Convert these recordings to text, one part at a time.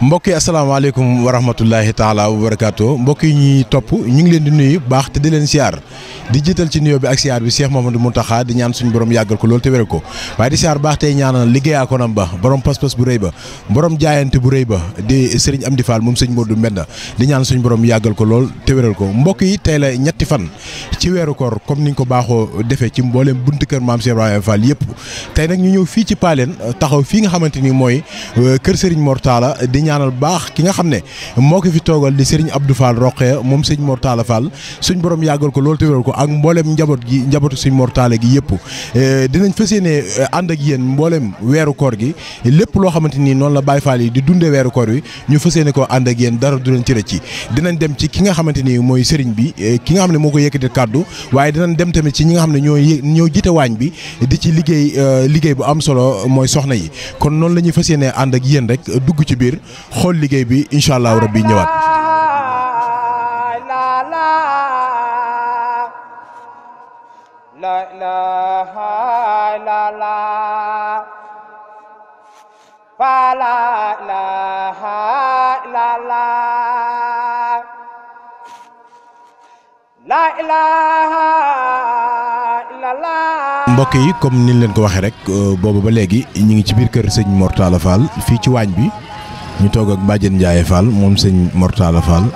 mbokk yi asalaamaaleykum wa rahmatullahi taala wa barakaatu mbokk yi ñuy topp ñu ngi leen di nuyu baax te di leen siyaar di jiital ci nuyoo bi ak siyaar bi Cheikh Mouhamadou di ñaan suñu borom yàggal ko loolu te wéral ko waaye di siyaar baax tey ñaanal liggéeyaa konam ba borom pas-pas bu rëy ba borom jaayante di Serigne moom sëñ Modou Mbenda di ñaan suñu borom yàggal ko lool te wéral ko mbokk yi tey la ñetti fan ci weeru koor comme ñu ko baaxoo defee ci mbooleem buntu kër maam Cheikh Ibrahima Fall yëpp tey nag ñu ñëw fii ci Paaleen taxaw fii nga xamante ni mooy euh, kër Serigne Mor Talla ñaanal baax ki nga xam ne moo ko fi toogal di Serigne Abdou Fall Roqe moom sëñ Mor Talla Fall suñ borom yàggal ko loolu te ko ak mbooleem njaboot gi njabootu sëñ Mor Talla gi yëpp eh, dinañ fas yéene eh, ànd ak yéen mboolem weeru koor gi lépp loo xamante nii noonu la Baye Fall yi di dundee weeru koor wi ñu fas yéene koo ànd ak yéen dara du ci rëcc dinañ dem ci ki nga xamante ni mooy sëriñ bi eh, ki nga xam ne moo ko yëkkati kàddu waaye dinañ dem tamit ci ñi nga xam ne ñoo ñoo jiite waañ bi di ci liggéey liggéey bu am solo mooy soxna yi kon noonu la ñuy fas yéene ànd ak yéen rek dugg ci biir xool liggéey bi incha allah rabbi ñëwaat. mbokk yi comme niñ leen ko waxee rek euh, boobu ba léegi ñu ngi ci biir kër sëñ Mor Talla fii ci waañ bi. ñu togg ak badjen Ndiaye Fall mom sëñ Mortala Fall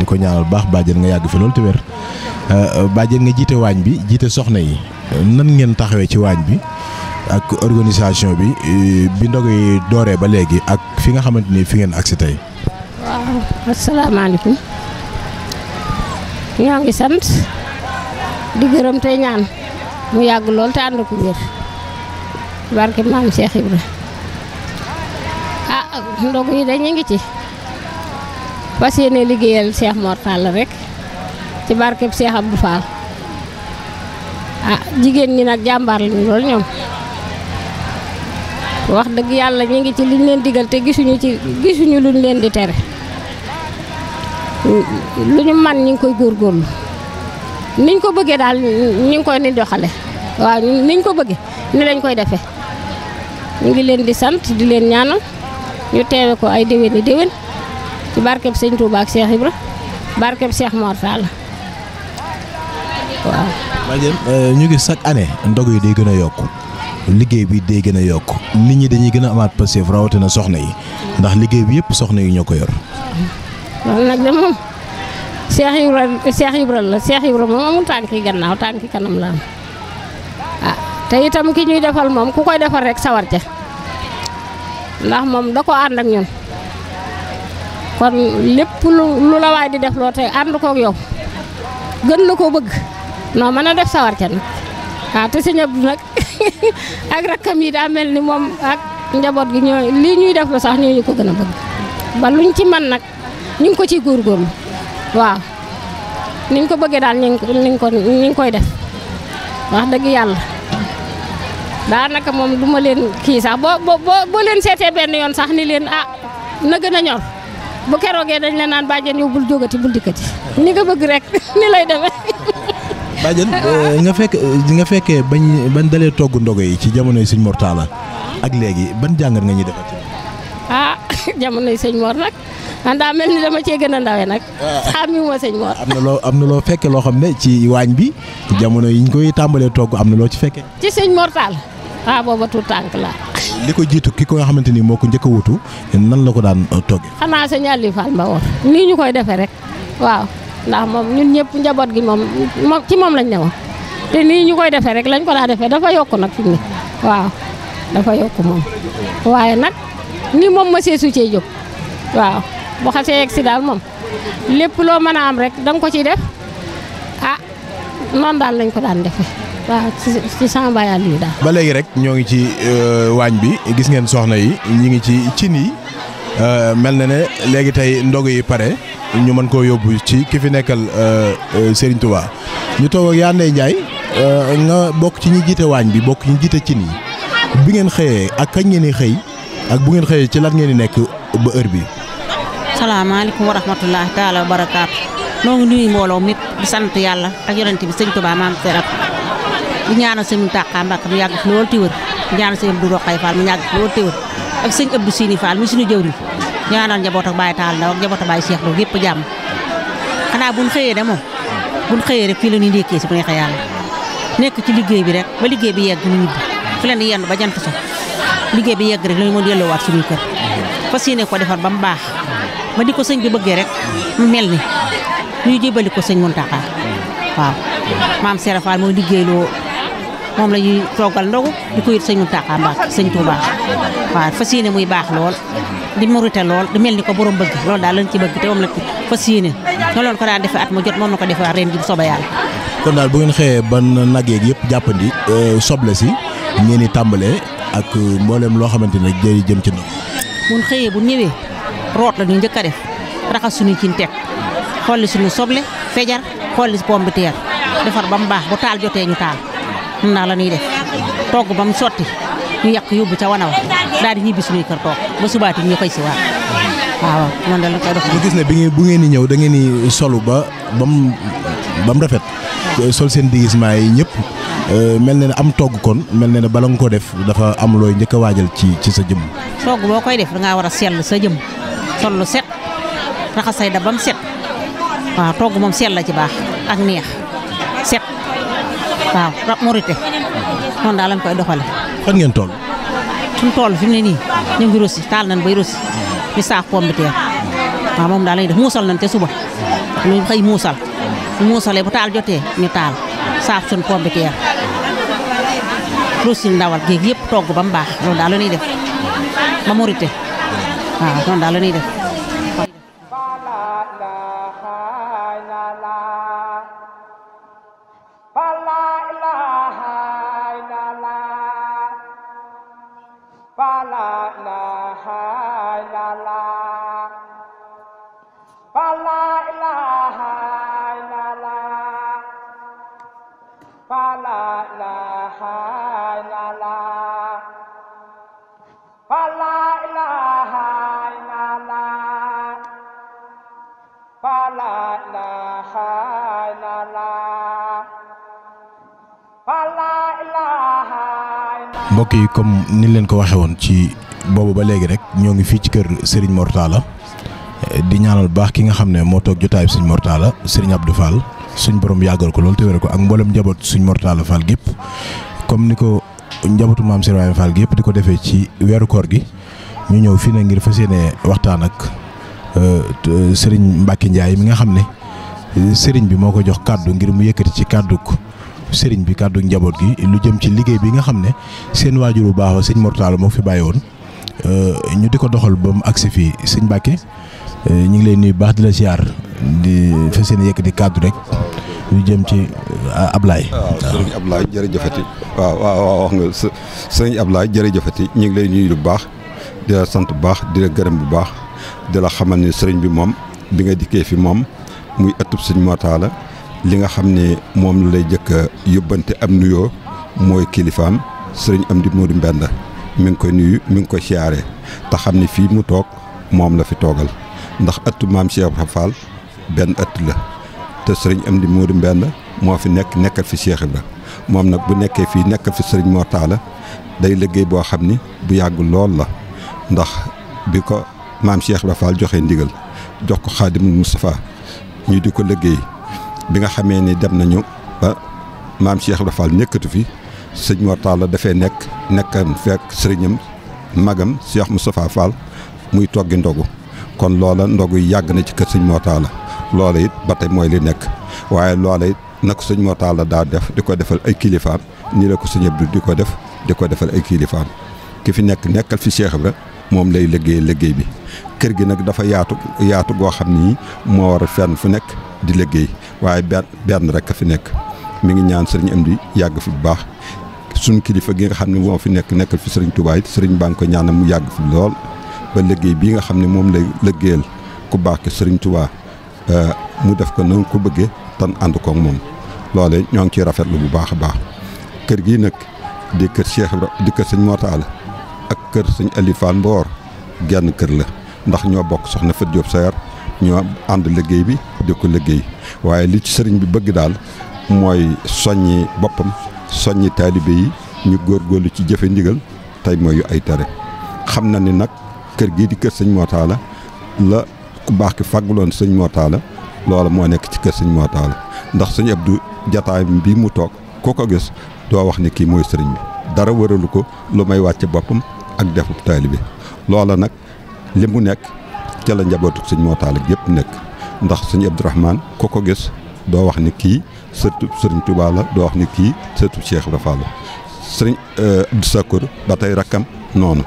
diko ñaanal bax badjen nga yàgg fi loolu te euh badjen nga jité wañ bi jité soxna yi nan ngeen taxawé ci wañ bi ak organisation bi euh, bi ndog yi ba légui ak fi nga xamanteni fi ngeen tay wa assalamu alaykum ñoo ngi sant di gërëm tay ñaan mu yàgg lol te andu ko wer barké mam Cheikh ibrahim ndog yi dañu ngi ci fasiyene yéene liggéeyal Cheikh Mor Fall rek ci barkeb Cheikh Abdou Fall ah jigen ñi nak jambar lu lol ñom wax deug yalla ñi ngi ci liñ leen digal te gisunu ci gisunu luñ leen di téré luñu man ñi ngi koy gor niñ ko bëgge dal ñi ngi koy ni doxale waaw niñ ko bëgge ni lañ koy défé ñi ngi leen di sante di leen ñaanal ñu teewe ko ay déwéni déwén ci barkeb sëñ Touba ak Cheikh Ibra barkeb seex Mor Fall waaw. Badiane euh, ñu ngi chaque année ndog yi day gën a yokk liggéey bi day gën a yokk nit ñi dañuy gën a amaat passif rawatina soxna yi ndax liggéey bi yëpp soxna yi ñoo ko yor. loolu nag de moom Cheikh Ibra Cheikh Ibra la Cheikh Ibra moom amul tànki gannaaw tànki kanam la am ah te itam ki ñuy defal moom ku koy defal rek sawar ca ndax moom da ko ànd ak ñun kon lépp lu la di def loo te ànd koog yow gën la ko bëgg noo mën a def sawar ca nag waaw ah, te sëñ Abdou nag ak rakkam yi daa mel ni moom ak njaboot gi ñoo lii ñuy def lu sax ñoo ñu ko gën a bëgg ba luñ ci man nag ñu ngi ko ciy góorgóorlu waaw niñ ko bëggee daal ñu ngi ñu ngi koy def wax dëgg yàlla. daanaka moom du ma leen kii sax boo boo boo leen seetee benn yoon sax ni leen a ah, na gën a ñor bu keroogee dañ la naan bàjjen yow bul jógati bul dikkati ni nga bëgg rek ni lay demee. bàjjen eh, nga fekk eh, nga fekkee bañ bañ dalee togg ndogo yi ci jamonoy Sëñ Mor Talla ak léegi ban jàngat nga ñuy defar jamonoy sëñ Mor nag man daa mel ni dama cee gën a ndawe nag. Ah. xam yu ma sëñ Mor. am na loo am na loo fekke loo xam ne ci waañ bi jamono yi ñu koy tàmbalee togg am na loo ci fekke ci señ Mor Tall waaw ah, booba tuut tànk la li ko jiitu ki ko nga xamante ni moo ko njëkk wutu nan la ko daan toggee. xanaa sëñ Aliou Fall ba woon nii ñu koy defee rek waaw ndax moom ñun ñëpp njaboot gi moom moom ci moom lañ ne woon te nii ñu koy defee rek lañ ko daa defee dafa yokk nag fi mu ne waaw dafa ni moom monsieur Soutier Diop waaw bu xasee yegg daal moom lépp loo mën a am rek danga ko ciy def ah noonu daal lañ ko daan defee waaw ci ci yi daal. ba léegi rek ñoo ngi ci euh, waañ bi gis ngeen soxna yi ñu ngi ci cin yi euh, mel na ne léegi tey ndog yi pare ñu mën koo yóbbu ci ki fi nekkal euh, Serigne Touba ñu toog ak Yandé Ndiaye nga bokk ci ñu jiite waañ bi bokk ñu jiite cin yi bi ngeen xëyee ak kañ ngeen di xëy. ak bu ngeen xeye ci lan ngeen di nek ba heure bi alaykum wa rahmatulah taala wa barakaatu no ngi nuyu mbolo mi di sante yalla ak yonenti bi seigne touba mam Serap di ñaanu seigne takka mbak mu yàgg lool ti wër ñaanu seigne dudo Abdou fal mu yàgg lool ti wër ak seigne Abdou Sini fal mu sunu jëwriñ ñaanal njaboot ak Baye Taal ak Baye Cheikh Lo yep jam xana buñ xeye de moom rek fi la ni ndékkee si bu neexee yàlla nekk ci liggey bi rek ba liggey bi yegg ni nit fi la ni yenn ba jant sax liggéey bi yegg rek lañu mën delloowaat suñu kër fas yéene ko defar ba mu baax ma di ko sëñ bi bëggee rek mu mel ni ñu jébali ko sëñ Muntaxa waaw maam Serap Fall mooy liggéeyloo moom la ñuy toggal ndogu di ko yët sëñ Muntaxa Mbàkke sëñ Tuubaa waaw fas yéene muy baax lool di murite lool di mel ni ko borom bëgg loolu daal lañ ci bëgg te moom la fas yéene noonu la ko daan defee at mu jot moom la ko defee ren di soba soobee yàlla. kon daal bu ngeen xëyee ban nag yeeg yëpp jàppandi euh, soble si ngeen di tàmbalee ak mbollem lo xamante jeri jëm ci ndox mun xëyee bu ñëwee rot la ñu njëkk def raxa suñu ci tek xolli suñu soble fédjar xolli pomme de terre defar bam baax bu taal joté ñu taal mun naa la ñuy def togg bam soti ñu yak yóbbu ci wana daal di ñibbi suñuy kër tok ba subaati ñu koy ci waat waaw man dal ko koy dox ñu gis ne bi ngeen bu ngeen ni ñëw da ngeen ni solu ba bam bam rafet sol sen déguisement yi ñëpp Euh, melne am togg kon melne na ne bala ko def dafa am loy njëkk waajal ci ci sa jëm. togg boo koy def da nga wara sel sa jëm set raxas say da bam set wa togg mom sel la ci baax ak neex set wa rap morité noonu dalam koy doxale fan ngeen toll. suñ toll fi ne ni ñu ngi rosi tal nañ bay rosi ñu saaf pombe te wa mom da lay def musal nañ te suba ñu xey musal bu ñu tal saaf sun pombe te rosi ndawal géeg yëpp togg ba mu baax loolu daal la ñuy def ba mu rite noonu daal la ñuy def. Fala ilaha illallah. Fala ilaha illallah. mbokk yi comme ni leen ko waxe won ci bobu ba léegi rek ñoo ngi ci kër Serigne Mortala di ñaanal baax ki nga xam mo tok toog Serigne Mortala Serigne Abdou Fall suñ borom yàggal ko lol te wéré ko ak mbolam njabot suñ Mortala Fall gep comme niko njabotu mam Serigne Fall gep diko ko ci wéru koor gi ñu ñëw fi na ngir fassiyene waxtaan ak sëriñ Mbacke Ndiaye mi nga xam ne sëriñ bi moo ko jox kàddu ngir mu yëkkati ci kàddu sëriñ bi kàddu njaboot gi lu jëm ci liggéey bi nga xam ne seen waajur bu baax wa sëñ Mortalla moo fi bàyyi woon euh, ñu di ko doxal ba mu agsi fii sëñ Mbacke euh, ñu ngi lay nuyu baax di la di fas yéene yëkkati kàddu rek jëm ci euh, Ablaye. waaw sëriñ Ablaye jërëjëfati waaw waaw wax nga sëriñ Ablaye jërëjëfati ñu ngi lay nuy lu baax di la sant bu baax di la gërëm bu baax. di la xamal ne sëriñ bi moom bi nga dikkee fi moom muy ëttub sëñ mootaala li nga xam ne moom lay jëkk a yóbbante am nuyoo mooy kilifaam sëriñ am di Mbenda mi ngi koy nuyu mi ngi ko siyaare te xam ni fii mu toog moom la fi toogal ndax ëttu maam Cheikh Ibra Fall benn ëtt la te sëriñ Amdi Moodu Mbenda moo fi nekk nekkal fi Cheikh Ibra moom nag bu nekkee fii nekk fi sëriñ mootaala day liggéey boo xam ni bu yàgg lool la ndax bi ko maam Cheikh Ibra Fall joxe ndigal jox ko xaadimul Moustapha ñu di ko liggéey bi nga xamee ni dem nañu ba maam Cheikh Ibra Fall nekkatu fi sëñ Mor Talla dafay nekk nekkam fekk sëriñam magam Cheikh Moustapha Fall muy toggi ndogu kon loola ndogu yi yàgg na ci kër sëñ Mor Talla loola it ba tey mooy li nekk waaye loola it nag sëñ Mor Talla daa def di ko defal ay kilifaam nii la ko sëñ Abdou di ko def di ko defal ay kilifaam ki fi nekk nekkal fi Cheikh Ibra moom lay liggéey liggéey bi kër gi nag dafa yaatu yaatu goo xam ni moo war a fenn fu nekk di léggéey waaye benn benn rek a fi nekk mu ngi ñaan sëriñ Amdi yàgg fi bu baax suñ kilifa gi nga xam ne moo fi nekk nekkal fi sëriñ Touba it sëriñ mu yàgg fi lool ba liggéey bii nga xam ne moom lay liggéeyal ku baax ki sëriñ Touba euh, mu def ko na ko bëggee tan ànd kook moom loole ñoo ngi ciy rafetlu bu baax a baax kër gii nag di kër Cheikh di kër sëñ Mortalla ak kër sëñ Aliou Fall genn kër la ndax ñoo bokk soxna fa Diop Sayar ñoo ànd liggéey bi di ko liggéey waaye li ci sëriñ bi bëgg daal mooy soññi boppam soññi taalibe yi ñu góor góorgóorlu ci jëfe ndigal tey mooy yu ay tere xam na ni nag kër gii di kër sëñ Mootaala la ku baax ki fàgguloon sëñ Mootaala loola moo nekk ci kër sëñ Mootaala ndax sëñ du jataay bi mu toog koo ko gis doo wax ni kii mooy sëriñ bi dara wëralu ko lu may wàcce boppam ak defub taalibe loola nag li mu nekk ca la njabootu sëñ mootaal ak yëpp nekk ndax sëñ Abdourahmane ko ko gis doo wax ni kii sëtub sëriñ Tuubaa la doo wax ni kii sëtub Cheikh Ibra Fall la sëriñ euh, Abdou Sakkur ba tey rakkam noonu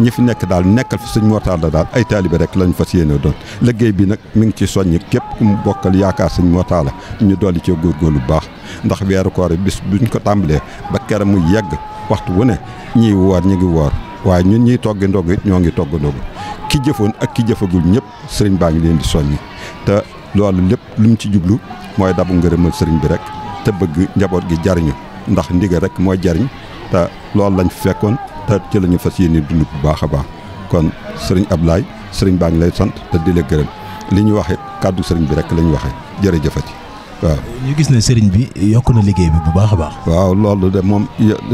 ñi fi nekk daal nekkal fi sëñ mootaal daal ay taalibe rek lañu fas yéene doon liggéey bi nag mu ngi ci soññ képp ku mu bokkal yaakaar sëñ mootaal la ñu dolli ci góorgóorlu lu baax ndax weeru bi bis buñ ko tàmbalee ba kera mu yegg waxtu wu ne ñiy woor ngi woor waaye ñun ñiy togg ndogg ñoo ngi togg ndogg ki jëfoon ak ki jëfagul ñëpp sëriñ baa ngi leen di soññi te loolu lépp lu mu ci jublu mooy dabu ngërëmal sëriñ bi rek te bëgg njaboot gi jariñu ndax ndigal rek mooy jariñ te loolu lañ fi fekkoon te ci lañu ñu fas yéene dund bu baax a baax kon sëriñ Ablaye sëriñ baa ngi lay sant te dile la gërëm li ñu waxee kàddu sëriñ bi rek la ñu waxee jërëjëfati waaw ñu gis ne sëriñ bi yokk na liggéey bi bu baax a baax. waaw loolu de moom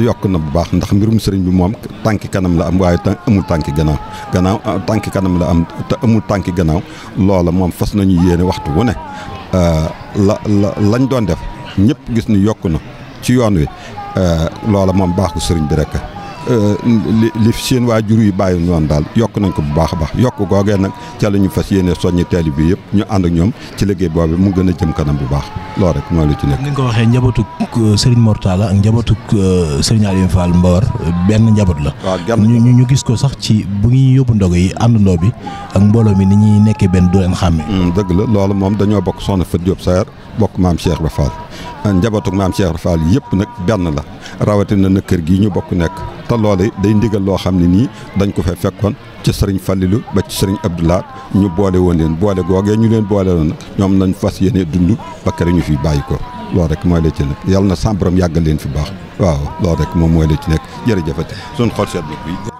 yokk na bu baax ndax mbirum sëriñ bi moom tànki kanam la am waaye te amul tànki gannaaw gannaaw ah, tànki kanam la am te amul tànki gannaaw loola moom fas nañu yéene waxtu wu ne euh, la la lañ doon def ñëpp gis ni yokk na ci yoon wi euh, loola moom baaxu sëriñ bi rek. Euh, li li seen waajur yi bàyyi noonu daal yokk nañ ko bu baax a baax yokk googee nag ca la ñu fas yéene soññi teel bi yëpp ñu ànd ak ñoom ci liggéey boobu mu gën a jëm kanam bu baax loolu rek moo la ci nekk. ni nga ko waxee njabootug euh, Serigne Mor Talla ak njabootug euh, Serigne Alioune Fall Mbawar benn njaboot la. waaw ñu ñu gis ko sax ci bu ñuy yóbbu ndog yi ndoo bi ak mbooloo mi ni ñuy nekkee benn doo leen xàmme. Mm, dëgg la loolu moom dañoo bokk soxna Fatou Diop Sarr bokk maam Cheikh Ibra Fall ah, njabootu maam Cheikh Ibra Fall yëpp nag benn la rawatina na kër gi ñu bokk nekk te loolu day ndigal loo xam ne nii dañ ko fa fekkoon ci sëriñ Fallilu ba ci sëriñ Abdoulaat ñu boole woon leen boole googee ñu leen boole woon ñoom nañ fas yéene dund ba kër ñu fi bàyyi ko loolu rek mooy la ci nekk yàlla na sa borom yàggal leen fi baax waaw loolu rek moom mooy la ci nekk jërëjëfati suñ xol seet bi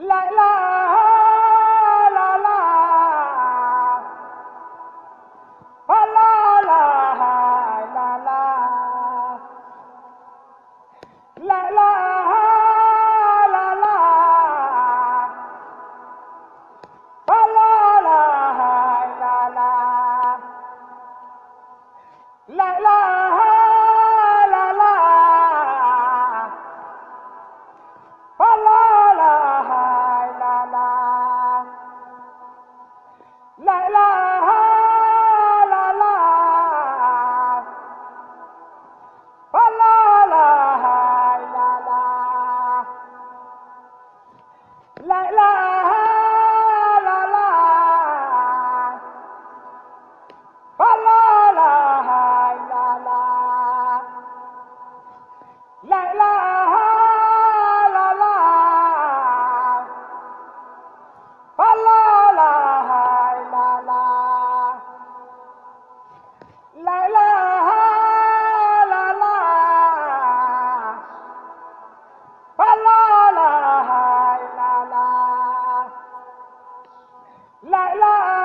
lại là Allah.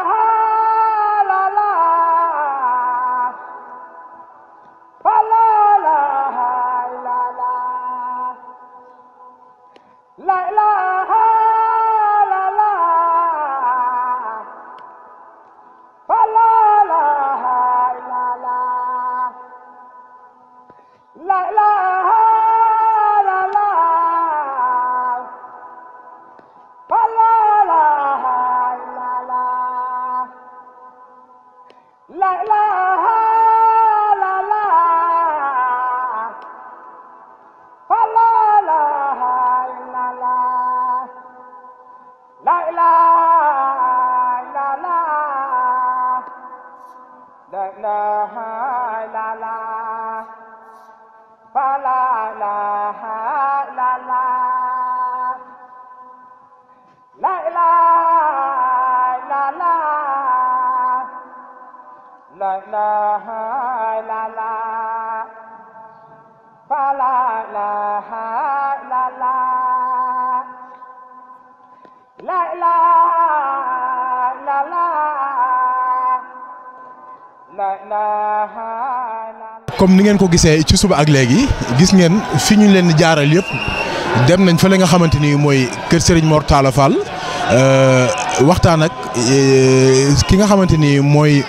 comme ni ngeen ko gisee ci suba ak léegi gis ngeen fi ñu leen jaaral yëpp dem nañ fa la nga xamante ni mooy kër Serigne Mor Talla Fall euh, waxtaan ak euh, ki nga xamante ni mooy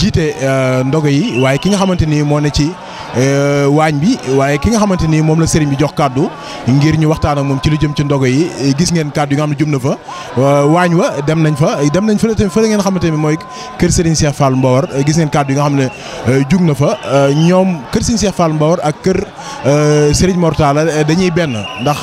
jiite euh, ndogo yi waaye ki nga xamante ni moo ne ci. Euh, waañ bi waaye ki nga xamante ni moom la sëriñ bi jox kàddu ngir ñu waxtaan ak moom ci lu jëm ci ndogo yi eh, gis ngeen kàddu yi nga xam ne jëm na fa euh, waañ wa dem nañ fa eh, dem nañ fa ngeen xamante ni mooy kër sëriñ Cheikh Fall Mbawar eh, gis ngeen nga xam ne jug na fa euh, ñoom kër sëriñ Cheikh Fall Mbawar ak kër sëriñ Mortala dañuy benn ndax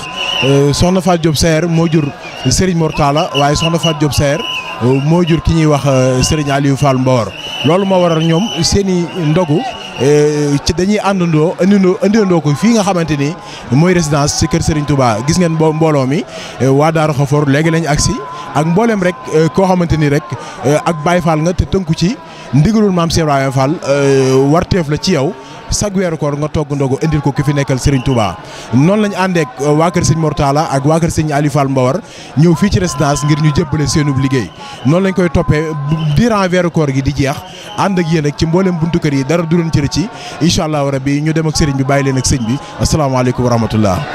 soxna Faat Diop Saer moo jur sëriñ Mortala waaye soxna Faat Diop Saer moo jur ki ñuy wax sëriñ Aliou Fall Mbawar loolu moo waral ñoom seen i ndogu Eh, ci dañuy àndandoo andindoo andindoo ko fii nga xamante ni mooy résidence ci kër Serigne Touba gis ngeen bo mbooloo mi eh, waa Daaru Xafoor léegi lañ agsi ak mbooleem rek eh, koo xamante ni rek ak Baye Fall nga te tënku ci ndigalul maam Cheikh Ibrahima Fall warteef la ci yow. chaque weeru koor nga togg ndogu indil ko ki fi nekkal Serigne Touba noonu lañu àndeek euh, waa kër Serigne Mortala ak waa kër Serigne Aliou Fall Mbawar ñëw fii ci résidence ngir ñu jébbale seenub liggéey noonu lañ koy toppee durant weeru koor gi di jeex ànd ak yéen ak ci mbooleem buntu kër yi dara du leen cër ci incha allahu rabbi ñu dem ak Serigne bi bàyyi leen ak sëñ bi asalaamaaleykum wa rahmatullah